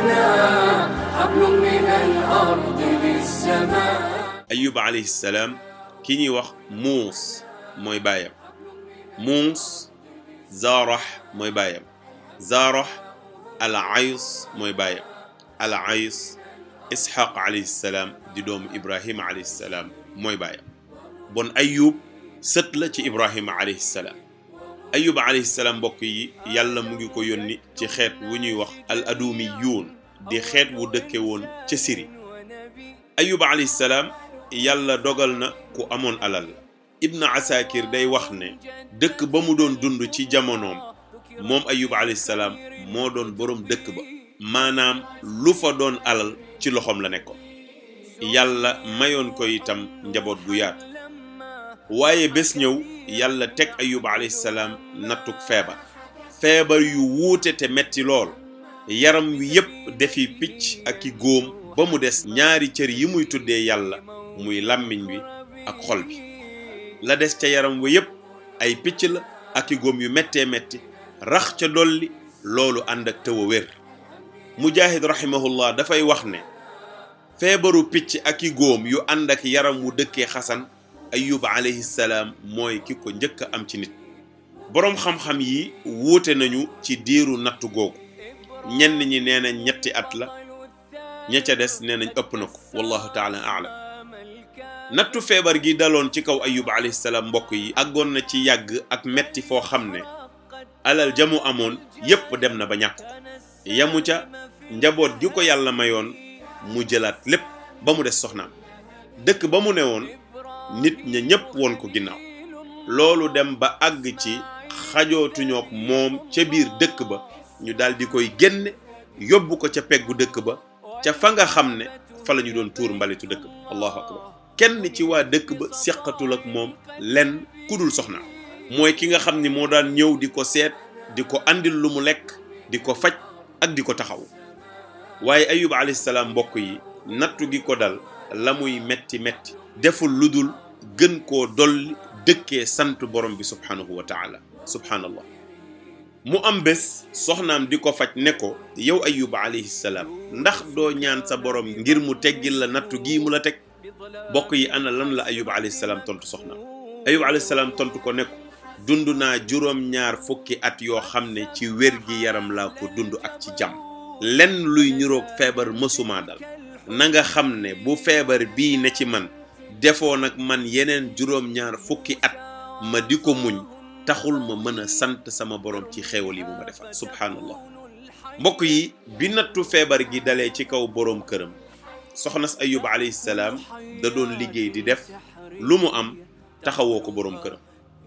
لنا حبل من الأرض للسماء أيوب عليه ki ñuy wax muus mooy baayam muus zaarax mooy baayam zaarax al ays mooy baayam al ays isxaq alayhi di doomu ibrahima alayhi mooy baayam bon ayub sët la ci ibrahima alayhi ayub alayhi mbokk yi yàlla mu ngi ko yónni ci xeet wu ñuy wax al adumi yuun di xeet wu dëkke woon ca Syrie ayub alayhi salaam yàlla dogal na ku amoon alal ibn asakir day wax ne dëkk ba mu doon dund ci jamonoom moom ayub alayhi salaam moo doon boroom dëkk ba maanaam lu fa doon alal ci loxoom la ne ko yàlla mayoon ko itam njaboot gu yaatu waaye bés ñëw yàlla teg ayub alayhi salaam nattuk feebar feebar yu wuute te metti lool yaram wi yépp defi picc ak i góom ba mu des ñaari cër yi muy tuddee yàlla muy làmmiñ wi ak xol bi la des ca yaram wi yépp ay picc la ak i góom yu mettee metti rax ca dolli loolu ànd ak tëw a wér mujaahid rahimahullah dafay wax ne feebaru picc ak i góom yu ànd ak yaram wu dëkkee xasan ayub alayhi salaam mooy ki ko njëkk a am ci nit boroom xam-xam yi wuute nañu ci diiru nattu googu ñenn ñi nee nañ ñetti at la ña ca des nee nañ ëpp na ko wallahu taala alam nattu feebar gi daloon ci kaw ayub alayhi salaam mbokk yi àggoon na ci yàgg ak metti foo xam ne alal mu amoon yépp dem na ba ñàkk yamu ca njaboot gi ko yàlla mayoon mu jëlaat lépp ba mu des soxnaam dëkk ba mu newoon nit ña ñépp woon ko ginnaaw loolu dem ba àgg ci xajootuñook moom ca biir dëkk ba ñu daldi koy génne yóbbu ko ca peggu dëkk ba ca fa nga xam ne fa lañu ñu doon tuur mbalitu dëkk ba allahu akbar kenn ci waa dëkk ba seqatul ak moom lenn kudul soxna mooy ki nga xam ni moo daan ñëw di ko seet di ko indil lu mu lekk di ko faj ak di ko taxaw waaye ayub alayhi mbokk yi nattu gi ko dal la muy metti metti deful lu dul gën koo dolli dëkkee sant borom bi subhaanahu wa taala subhaanallah mu am bés soxnaam di ko faj ne ko yow ayuba alayhi salaam ndax doo ñaan sa borom ngir mu teggil la nattu gi mu la teg bokk yi ana lan la ayuba alayhi salaam tontu soxnaam ayuba alayhi tontu ko ne ko dund naa juróom-ñaar fukki at yoo xam ne ci wér gi yaram laa ko dund ak ci jàmm lenn luy ñuroog feebar mësumaa dal na nga xam ne bu feebar bii ne ci man defoo nag man yeneen juróom-ñaar fukki at ma di ko muñ taxul ma mën a sant sama borom ci xéewal yi mu ma defal subhaanallah mbokk yi bi nattu feebar gi dalee ci kaw borom këram soxna sa ayub alayhi da doon liggéey di def lu mu am taxawoo ko boroom këram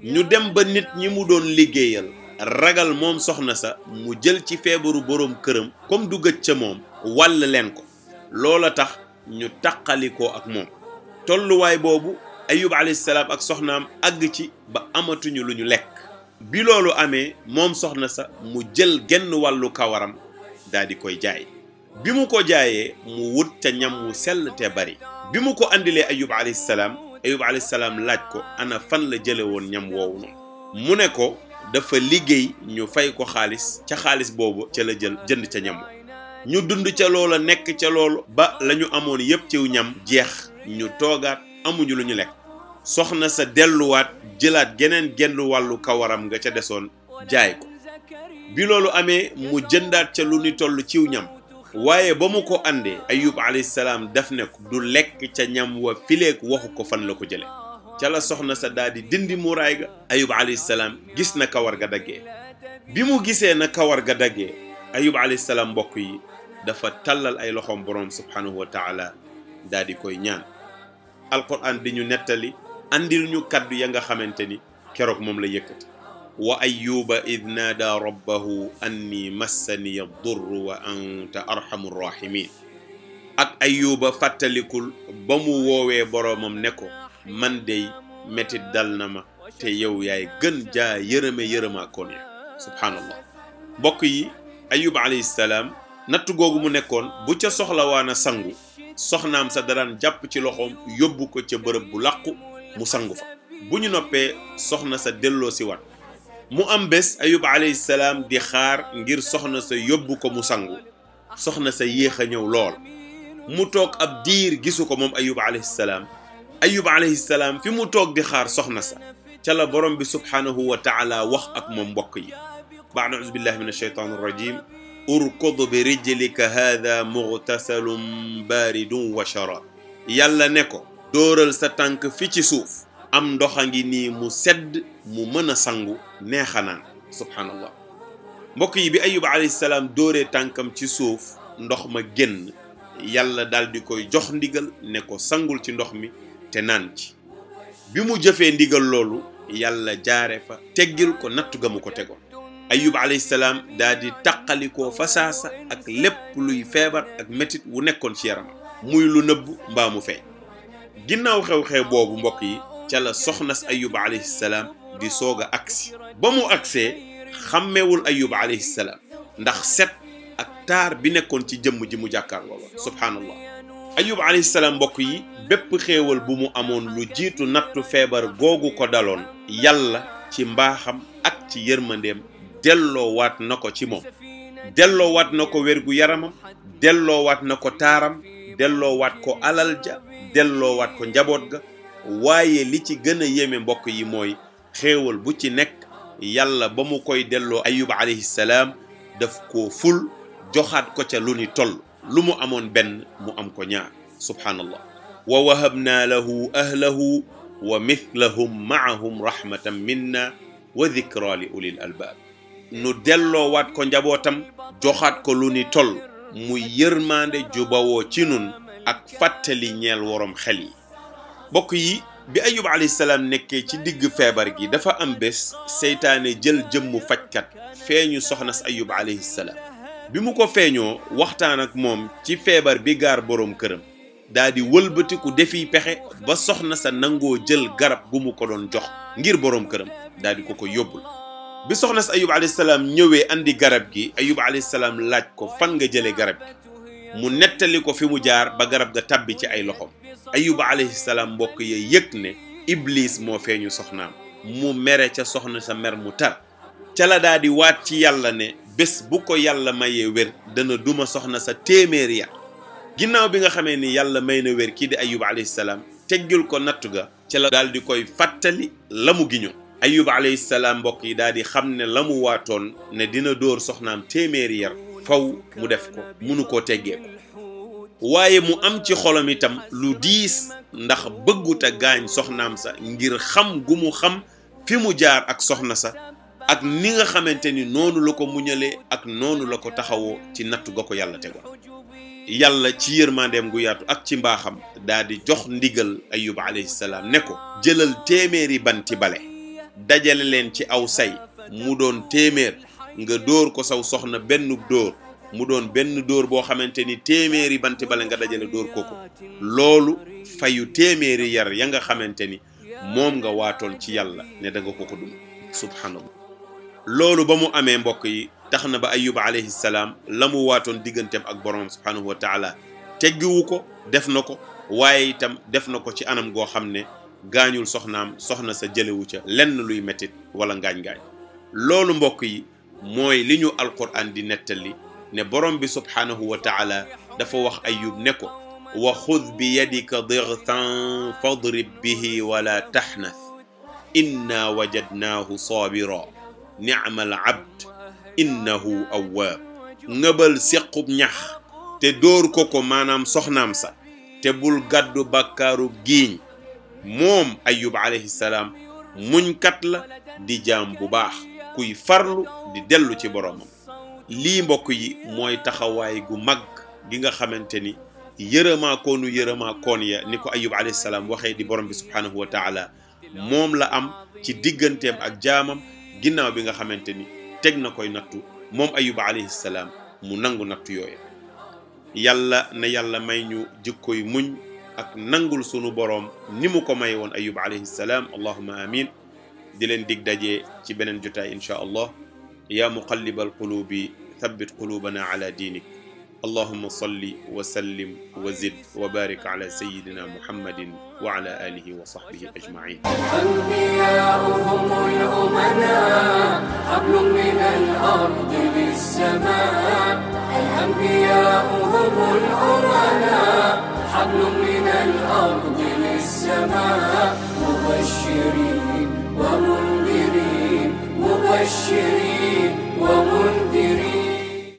ñu dem ba nit ñi mu doon liggéeyal ragal moom soxna sa mu jël ci feebaru borom këram comme du ca moom wàll leen ko loola tax ñu taqalikoo ak moom tolluwaay boobu ayub alayhi ak soxnaam àgg ci ba amatuñu lu ñu lekk bi loolu amee moom soxna sa mu jël genn wàllu kawaram daal di koy jaay bi mu ko jaayee mu wut ca ñam mu sell te bari bi mu ko indilee ayub alayhi salaam ayub alayhi salaam laaj ko ana fan la jële woon ñam woowu noonu mu ne ko dafa liggéey ñu fay ko xaalis ca xaalis boobu ca la jël jënd ca ñam ñu dund ca loola nekk ca loolu ba la ñu amoon yépp ciw ñam jeex ñu toogaat amuñu lu ñu lekk soxna sa delluwaat jëlaat geneen genn wàllu kawaram nga ca desoon jaay ko bi loolu amee mu jëndaat ca lu ni toll ciw ñam waaye ba mu ko àndee ayub alayhi salaam ne ko du lekk ca ñam wa fileek waxu ko fan la ko jële ca la soxna sa daal di dindi muraay ga ayub alayhi gis na kawar ga daggee bi mu gisee na kawar ga daggee ayub alayhi salaam mbokk yi dafa tàllal ay loxoom borom subhanahu wa taala daal koy ñaan alquran di ñu nettali andil ñu kàddu ya nga xamante ni keroog moom la yëkkati wa ayuba id naada rabbahu ni massaniya durru wa anta arhamur rahimin ak ayuba fàttalikul ba mu woowee boroomam ne ko man dey métit dal na ma te yow yaay gën jaa yërëme yërëmaa koon subhaanallah mbokk yi ayub alayhi salaam natt googu mu nekkoon bu ca soxlawaan a sangu soxnaam sa daran jàpp ci loxoom yóbbu ko ca bërëb bu làqu mu sangu fa bu ñu noppee soxna sa delloo si wat mu am bés ayub alayhi salaam di xaar ngir soxna sa yóbbu ko mu sangu soxna sa yéex a ñëw lool mu toog ab diir gisu ko moom ayub alayhi salaam ayub alayhi salaam fi mu toog di xaar soxna sa ca la borom bi subhaanahu wa taala wax ak moom mbokk yi baada auzu billahi min alsheytan irrajim urkud bi rijlika hada mughtasalun baridun wa sharab yàlla ne ko dóoral sa tànk fi ci suuf am ndox a ngi nii mu sedd mu mën a sangu neexanaan subhaanallah mbokk yi bi ayub alayhi salaam dóoree tànkam ci suuf ndox ma génn yàlla daldi koy jox ndigal ne ko sangul ci ndox mi te naan ci bi mu jëfee ndigal loolu yàlla jaare fa teggil ko natt ga mu ko tegoon ayub alayhi salaam daal di taqalikoo fasaasa ak lépp luy feebar ak metit wu nekkoon ci yaramam muy lu nëbb mbaa mu feeñ ginnaaw xew-xew boobu mbokk yi ca la soxnas ayub alayhi di soog a agsi ba mu agsee xàmmewul ayub alayhi salaam ndax set ak taar bi nekkoon ci jëmm ji mu jàkkaar loola subhaanallah ayub alayhi mbokk yi bépp xewal bu mu amoon lu jiitu nattu feebar googu ko daloon yàlla ci mbaaxam ak ci yërmandeem delloowaat na ko ci moom delloowaat na ko wérgu yaramam delloowaat na ko taaram delloowaat ko alal ja delloowaat ko njaboot ga waaye li ci gën a yéeme mbokk yi mooy xéewal bu ci nekk yàlla ba mu koy delloo ayub alayhi salaam daf ko ful joxaat ko ca lu ni toll lu mu amoon benn mu am ko ñaar subhaanallah wa wahabna lahu ahlahu wa mithlahum maahum rahmatan minna wa dikra li albaab nu delloowaat ko njabootam joxaat ko lu ni toll muy yërmaande ju bawoo ci nun ak fàttali ñeel worom xel yi mbokk yi bi ayub alayhi nekkee ci digg feebar gi dafa am bés seytaane jël jëmmu fajkat feeñu soxnas ayub alayhi bi mu ko feeñoo waxtaan ak moom ci feebar bi gaar boroom këram daldi wëlbatiku defi pexe ba soxna sa nangoo jël garab bu mu ko doon jox ngir boroom këram daldi ko ko yóbbul bi soxna sa ayub alayhi salaam ñëwee indi garab gi ayub alayhi salaam laaj ko fan nga jëlee garab gi mu nettali ko fi mu jaar ba garab ga tabbi ci ay loxom ayub alayhi salaam mbokk ye yëg ne iblis moo feeñu soxnaam mu mere ca soxna sa mer mu tar ca la daa di waat ci yàlla ne bés bu ko yàlla mayee wér dana duma soxna sa téeméer ya ginnaaw bi nga xamee ni yàlla may na wér kii di ayub alayhi salaam teggil ko nattu ga ca la daal di koy fàttali la mu ayub alayhi salaam mbokk yi daal di xam ne lamu mu waatoon ne dina dóor soxnaam téeméeri yar faw mu def ko munu ko teggee ko waaye mu am ci xolam itam lu diis ndax bëgguta gaañ soxnaam sa ngir xam gu mu xam fi mu jaar ak soxna sa ak ni nga xamante ni noonu la ko muñalee ak noonu la ko taxawoo ci natt ga ko yàlla tegoon yàlla ci yërmandeem gu yaatu ak ci mbaaxam daal di jox ndigal ayub alayhi salaam ne ko jëlal téeméeri banti bale dajale leen ci aw say mu doon téeméer nga dóor ko saw soxna benn dóor mu doon benn dóor boo xamante ni téeméeri bant bale nga dajale ko ko loolu fayu téeméeri yar ya nga xamante ni moom nga waatoon ci yàlla ne da nga ko ko subhanallah loolu ba mu amee mbokk yi tax na ba ayub alayhi salaam la mu waatoon digganteem ak borom subhanahu wa taala teggiwu ko def na ko waaye itam def na ko ci anam goo xam ne gaañul soxnaam soxna sa jëlewu ca lenn luy mettit wala ngaañ-ngaañ loolu mbokk yi mooy li ñu alquran di nettali ne borom bi subhaanahu wa taala dafa wax ayub ne ko wa xud bi yadika dirtan fadrib bihi wala taxnas inna wajadnaahu saabira nicma al abd innahu awwaab ngëbal sequb ñax te dóor ko ko maanaam soxnaam sa te bul gàddu bàkkaarub giiñ moom ayub alayhi salaam muñkat la di jaam bu baax kuy farlu di dellu ci boroomam lii mbokk yi mooy taxawaay gu mag gi nga xamante ni yërëmaa koonu yërëmaa koon ya ni ko ayub alayhi salaam waxee di borom bi subhaanahu wa taala moom la am ci digganteem ak jaamam ginnaaw bi nga xamante ni teg na koy nattu moom ayub alayhi mu nangu nattu yooya yàlla na yàlla may ñu jikkoy muñ ak nangul sunu boroom ni mu ko may woon ayub alayhi salaam allahuma amin di leen dig daje ci beneen jotaay inchaa allah yaa muqallibal quluubi thabbit quluubana ala diinik allahuma salli wa sallim wa zid wa barik ala sayidina muhammadin wa ala alihi wa sahbihi ajmain حبل من الأرض للسماء مبشرين ومنذرين مبشرين ومنذرين